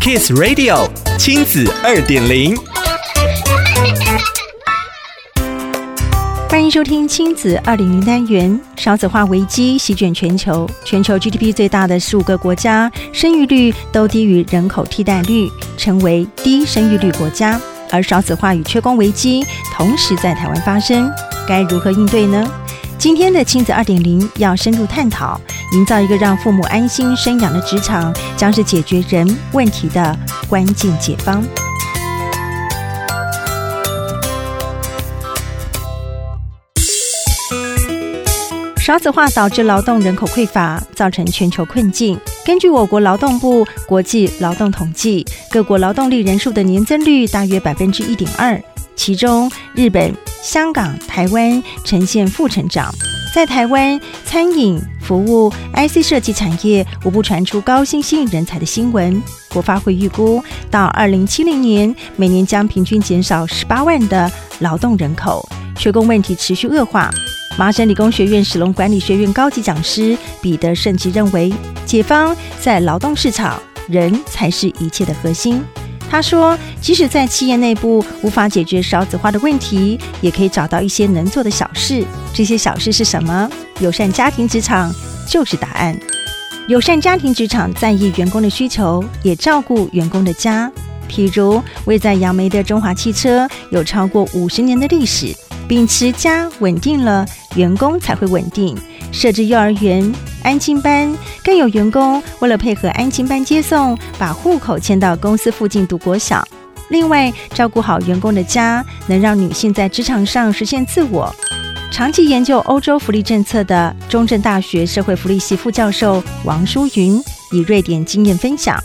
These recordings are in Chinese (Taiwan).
Kiss Radio 親子二點零，歡迎收聽親子二點零單元。少子化危機席捲全球，全球 GDP 最大的十五個國家，生育率都低於人口替代率，成為低生育率國家。而少子化與缺工危機同時在台灣發生，該如何應對呢？今天的親子二點零要深入探討。營造一個讓父母安心生養的職場，將是解決人問題的關鍵解方。少子化導致勞動人口匱乏，造成全球困境。根據我國勞動部國際勞動統計，各國勞動力人數的年增率大約百分之一點二，其中日本、香港、台灣呈現負成長。在台灣，餐飲。服務 IC 設計產業，無不傳出高薪吸引人才的新聞。國發會預估，到二零七零年，每年將平均減少十八萬的勞動人口，缺工問題持續惡化。麻省理工學院史隆管理學院高級講師彼得聖吉認為，解方在勞動市場，人才是一切的核心。他說：“即使在企業內部無法解決少子化的問題，也可以找到一些能做的小事。這些小事是什麼？友善家庭職場就是答案。友善家庭職場在意員工的需求，也照顧員工的家。譬如，位在楊梅的中華汽車，有超過五十年的歷史，秉持家穩定了，員工才會穩定。設置幼兒園、安親班。”更有員工為了配合安親班接送，把戶口遷到公司附近讀國小。另外，照顧好員工的家，能讓女性在職場上實現自我。長期研究歐洲福利政策的中正大學社會福利系副教授王淑云，以瑞典經驗分享：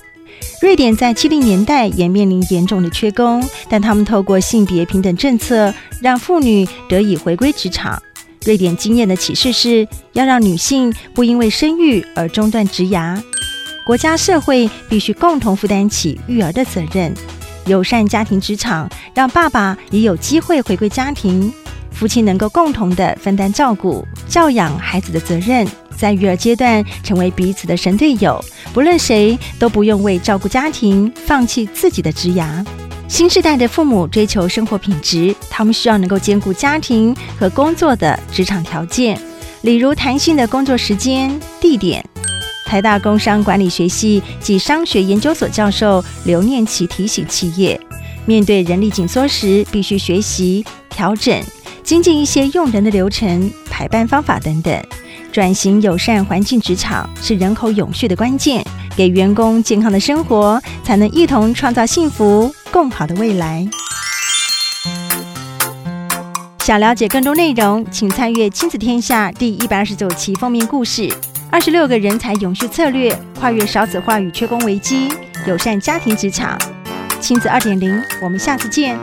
瑞典在七零年代也面臨嚴重的缺工，但他們透過性別平等政策，讓婦女得以回歸職場。瑞典經驗的啟示是：要讓女性不因為生育而中斷職涯，國家社會必須共同負擔起育兒的責任；友善家庭職場，讓爸爸也有機會回歸家庭，夫妻能夠共同的分擔照顧、教養孩子的責任，在育兒階段成為彼此的神隊友。不論誰都不用為照顧家庭放棄自己的職涯。新時代的父母追求生活品質，他們需要能夠兼顧家庭和工作的職場條件，例如彈性的工作時間、地點。台大工商管理學系及商學研究所教授劉念琪提醒企業，面對人力緊縮時，必須學習調整、精進一些用人的流程、排班方法等等。轉型友善環境職場是人口永續的關鍵，給員工健康的生活，才能一同創造幸福。更好的未來。想了解更多內容，請參閱《親子天下》第一百二十九期封面故事：二十六個人才永續策略，跨越少子化與缺工危機，友善家庭職場，親子二點零。我們下次見。